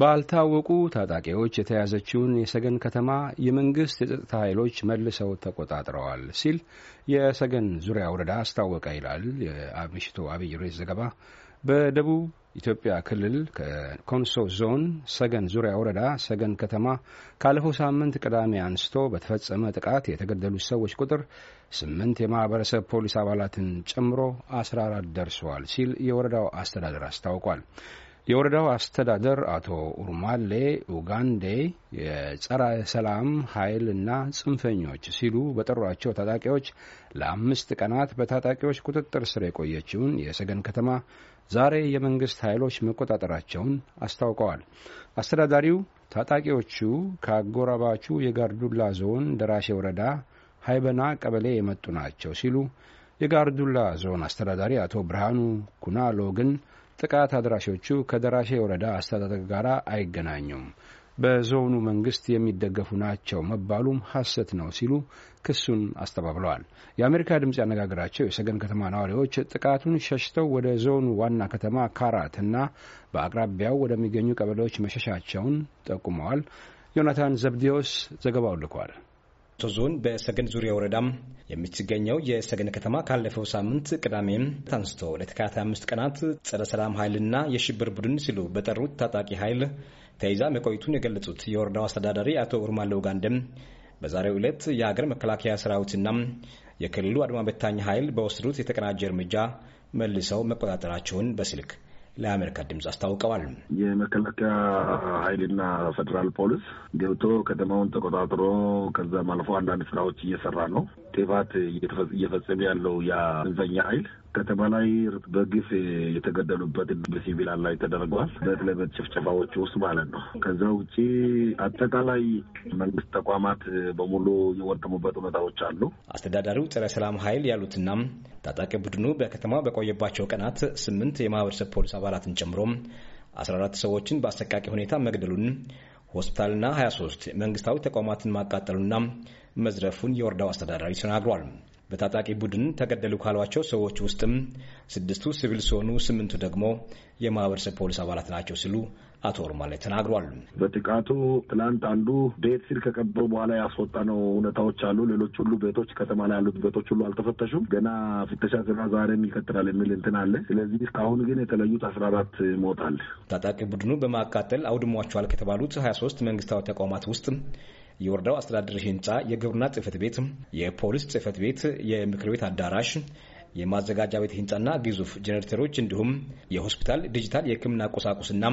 ባልታወቁ ታጣቂዎች የተያዘችውን የሰገን ከተማ የመንግሥት የጸጥታ ኃይሎች መልሰው ተቆጣጥረዋል ሲል የሰገን ዙሪያ ወረዳ አስታወቀ ይላል የምሽቱ አብይ ሬስ ዘገባ። በደቡብ ኢትዮጵያ ክልል ከኮንሶ ዞን ሰገን ዙሪያ ወረዳ ሰገን ከተማ ካለፈው ሳምንት ቅዳሜ አንስቶ በተፈጸመ ጥቃት የተገደሉት ሰዎች ቁጥር ስምንት የማህበረሰብ ፖሊስ አባላትን ጨምሮ አስራ አራት ደርሰዋል ሲል የወረዳው አስተዳደር አስታውቋል። የወረዳው አስተዳደር አቶ ኡርማሌ ኡጋንዴ የጸረ ሰላም ኃይል እና ጽንፈኞች ሲሉ በጠሯቸው ታጣቂዎች ለአምስት ቀናት በታጣቂዎች ቁጥጥር ስር የቆየችውን የሰገን ከተማ ዛሬ የመንግስት ኃይሎች መቆጣጠራቸውን አስታውቀዋል። አስተዳዳሪው ታጣቂዎቹ ከአጎራባቹ የጋርዱላ ዞን ደራሼ ወረዳ ሀይበና ቀበሌ የመጡ ናቸው ሲሉ የጋርዱላ ዞን አስተዳዳሪ አቶ ብርሃኑ ኩናሎ ግን ጥቃት አድራሾቹ ከደራሼ ወረዳ አስተዳደር ጋር አይገናኙም፣ በዞኑ መንግስት የሚደገፉ ናቸው መባሉም ሐሰት ነው ሲሉ ክሱን አስተባብለዋል። የአሜሪካ ድምፅ ያነጋግራቸው የሰገን ከተማ ነዋሪዎች ጥቃቱን ሸሽተው ወደ ዞኑ ዋና ከተማ ካራት እና በአቅራቢያው ወደሚገኙ ቀበሌዎች መሸሻቸውን ጠቁመዋል። ዮናታን ዘብዲዮስ ዘገባው ልኳል። ቶ ዞን በሰገን ዙሪያ ወረዳም የምትገኘው የሰገን ከተማ ካለፈው ሳምንት ቅዳሜ አንስቶ ለተከታታይ አምስት ቀናት ጸረ ሰላም ኃይልና የሽብር ቡድን ሲሉ በጠሩት ታጣቂ ኃይል ተይዛ መቆይቱን የገለጹት የወረዳው አስተዳዳሪ አቶ ኡርማለው ጋንደም በዛሬው ዕለት የሀገር መከላከያ ሰራዊትና የክልሉ አድማ በታኝ ኃይል በወሰዱት የተቀናጀ እርምጃ መልሰው መቆጣጠራቸውን በስልክ ለአሜሪካ ድምፅ አስታውቀዋል። የመከላከያ ኃይልና ፌዴራል ፖሊስ ገብቶ ከተማውን ተቆጣጥሮ ከዛም አልፎ አንዳንድ ስራዎች እየሰራ ነው። ጥፋት እየፈጸመ ያለው ያ ኃይል ከተማ ላይ በግፍ የተገደሉበት በሲቪላን ላይ ተደርገዋል። በት ለበት ጭፍጨፋዎች ውስጥ ማለት ነው። ከዛ ውጭ አጠቃላይ መንግስት ተቋማት በሙሉ የወደሙበት ሁኔታዎች አሉ። አስተዳዳሪው ጸረ ሰላም ኃይል ያሉትና ታጣቂ ቡድኑ በከተማ በቆየባቸው ቀናት ስምንት የማህበረሰብ ፖሊስ አባላትን ጨምሮ 14 ሰዎችን በአሰቃቂ ሁኔታ መግደሉን ሆስፒታልና 23 መንግስታዊ ተቋማትን ማቃጠሉና መዝረፉን የወረዳው አስተዳዳሪ ተናግሯል። በታጣቂ ቡድን ተገደሉ ካሏቸው ሰዎች ውስጥም ስድስቱ ሲቪል ሲሆኑ ስምንቱ ደግሞ የማህበረሰብ ፖሊስ አባላት ናቸው ሲሉ አቶ ኦርማ ላይ ተናግሯል። በጥቃቱ ትናንት አንዱ ቤት ሲል ከቀበሩ በኋላ ያስወጣነው እውነታዎች አሉ። ሌሎች ሁሉ ቤቶች ከተማ ላይ ያሉት ቤቶች ሁሉ አልተፈተሹም። ገና ፍተሻ ስራ ዛሬም ይቀጥላል የሚል እንትን አለ። ስለዚህ እስካሁን ግን የተለዩት አስራ አራት ሞታል። ታጣቂ ቡድኑ በማቃጠል አውድሟቸዋል ከተባሉት ሀያ ሶስት መንግስታዊ ተቋማት ውስጥ የወረዳው አስተዳደር ህንፃ፣ የግብርና ጽህፈት ቤት፣ የፖሊስ ጽህፈት ቤት፣ የምክር ቤት አዳራሽ የማዘጋጃ ቤት ህንፃና ግዙፍ ጀኔሬተሮች እንዲሁም የሆስፒታል ዲጂታል የህክምና ቁሳቁስና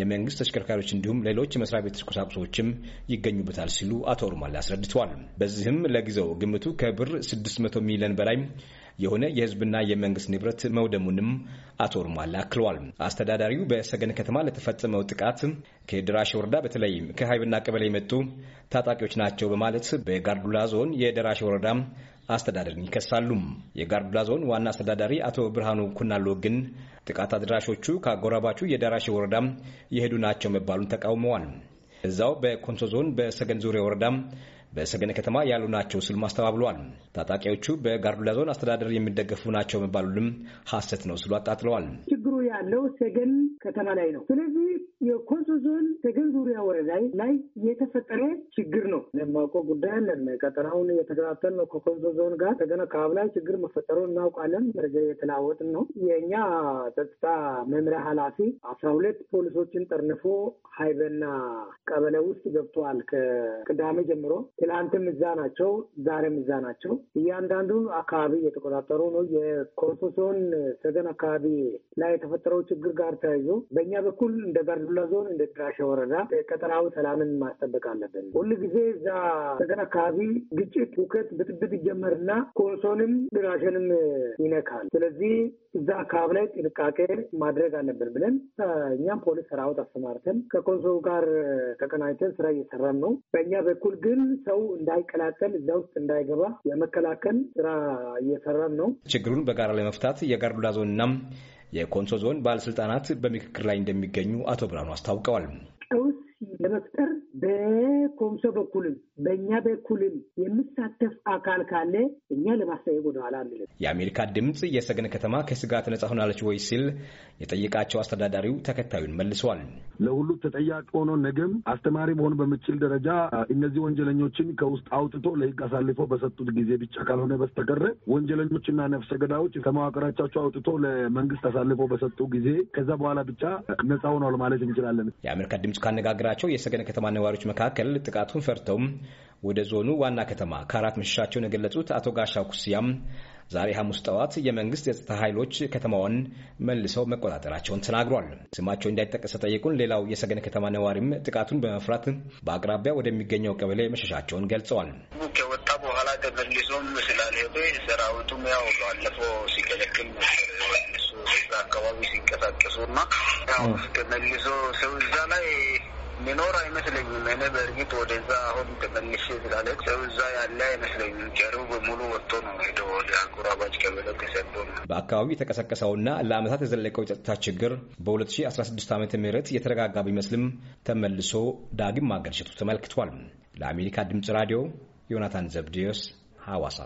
የመንግስት ተሽከርካሪዎች እንዲሁም ሌሎች መስሪያ ቤት ቁሳቁሶችም ይገኙበታል ሲሉ አቶ ሩማሌ አስረድተዋል። በዚህም ለጊዜው ግምቱ ከብር 600 ሚሊዮን በላይ የሆነ የህዝብና የመንግስት ንብረት መውደሙንም አቶ ርሟላ አክለዋል። አስተዳዳሪው በሰገን ከተማ ለተፈጸመው ጥቃት ከደራሽ ወረዳ በተለይም ከሀይብና ቀበሌ የመጡ ታጣቂዎች ናቸው በማለት በጋርዱላ ዞን የደራሽ ወረዳ አስተዳደርን ይከሳሉ። የጋርዱላ ዞን ዋና አስተዳዳሪ አቶ ብርሃኑ ኩናሎ ግን ጥቃት አድራሾቹ ከአጎራባቹ የደራሽ ወረዳ የሄዱ ናቸው መባሉን ተቃውመዋል። እዛው በኮንሶ ዞን በሰገን ዙሪያ ወረዳ በሰገነ ከተማ ያሉ ናቸው ስል አስተባብለዋል። ታጣቂዎቹ በጋርዱላ ዞን አስተዳደር የሚደገፉ ናቸው መባሉንም ሀሰት ነው ስሉ አጣጥለዋል። ችግሩ ያለው ሰገን ከተማ ላይ ነው። ስለዚህ የኮንሶ ዞን ሰገን ዙሪያ ወረዳ ላይ የተፈጠረ ችግር ነው። የማውቀው ጉዳይ አለን። ቀጠናውን የተከታተል ነው። ከኮንሶ ዞን ጋር ተገነ አካባቢ ላይ ችግር መፈጠሩ እናውቃለን። መረጃ የተለዋወጥን ነው። የእኛ ጸጥታ መምሪያ ኃላፊ አስራ ሁለት ፖሊሶችን ጠርንፎ ሀይበና ቀበሌ ውስጥ ገብተዋል። ከቅዳሜ ጀምሮ ትላንትም እዛ ናቸው፣ ዛሬም እዛ ናቸው። እያንዳንዱ አካባቢ እየተቆጣጠሩ ነው። የኮንሶ ዞን ሰገን አካባቢ ላይ የተፈጠረው ችግር ጋር ተያይዞ በእኛ በኩል እንደ ጋርዱላ ዞን እንደ ድራሻ ወረዳ ቀጠናዊ ሰላምን ማስጠበቅ አለብን። ሁል ጊዜ እዛ ተገን አካባቢ ግጭት፣ ሁከት፣ ብጥብጥ ይጀመርና ኮንሶንም ድራሸንም ይነካል። ስለዚህ እዛ አካባቢ ላይ ጥንቃቄ ማድረግ አለብን ብለን እኛም ፖሊስ ሰራዊት አሰማርተን ከኮንሶ ጋር ተቀናጅተን ስራ እየሰራን ነው። በእኛ በኩል ግን ሰው እንዳይቀላቀል እዛ ውስጥ እንዳይገባ የመከላከል ስራ እየሰራን ነው። ችግሩን በጋራ ለመፍታት የጋርዱላ ዞንና የኮንሶ ዞን ባለስልጣናት በምክክር ላይ እንደሚገኙ አቶ ብርሃኑ አስታውቀዋል። ቀውስ ለመፍጠር በኮምሶ በኩልም በእኛ በኩልም የምሳተፍ አካል ካለ እኛ ለማስታየቅ ወደኋላ አንልም። የአሜሪካ ድምፅ የሰገነ ከተማ ከስጋት ነጻ ሆናለች ወይ ሲል የጠየቃቸው አስተዳዳሪው ተከታዩን መልሰዋል። ለሁሉ ተጠያቂ ሆኖ ነገም አስተማሪ መሆን በምችል ደረጃ እነዚህ ወንጀለኞችን ከውስጥ አውጥቶ ለህግ አሳልፎ በሰጡት ጊዜ ብቻ ካልሆነ በስተቀረ ወንጀለኞችና ነፍሰ ገዳዮች ከመዋቅራቻቸው አውጥቶ ለመንግስት አሳልፎ በሰጡ ጊዜ ከዛ በኋላ ብቻ ነጻ ሆኗል ማለት እንችላለን። የአሜሪካ ድምፅ ካነጋግራቸው የሰገነ ከተማ ነዋሪዎች መካከል ጥቃቱን ፈርተው ወደ ዞኑ ዋና ከተማ ከአራት መሸሻቸውን የገለጹት አቶ ጋሻው ኩስያም ዛሬ ሐሙስ ጠዋት የመንግስት የጸጥታ ኃይሎች ከተማዋን መልሰው መቆጣጠራቸውን ተናግሯል። ስማቸው እንዳይጠቀስ ጠየቁን ሌላው የሰገን ከተማ ነዋሪም ጥቃቱን በመፍራት በአቅራቢያ ወደሚገኘው ቀበሌ መሸሻቸውን ገልጸዋል። ከወጣ በኋላ ተመልሶም ስላልሄደ ሰራዊቱም ያው ባለፈው ሲከለክል እዛ አካባቢ ሲንቀሳቀሱ እና ያው ተመልሶ ሰው እዛ ላይ የሚኖር አይመስለኝም። እኔ በእርግጥ ወደዛ አሁን ተመልሼ ስላለች እዛ ያለ አይመስለኝም። ጨሩ በሙሉ ወጥቶ ነው ሄደው ወደ አጎራባች ቀበሌ ተሰዶ ነው። በአካባቢው የተቀሰቀሰውና ለአመታት የዘለቀው የጸጥታ ችግር በ2016 ዓ ምህረት የተረጋጋ ቢመስልም ተመልሶ ዳግም ማገርሸቱ ተመልክቷል። ለአሜሪካ ድምፅ ራዲዮ ዮናታን ዘብዲዮስ ሀዋሳ።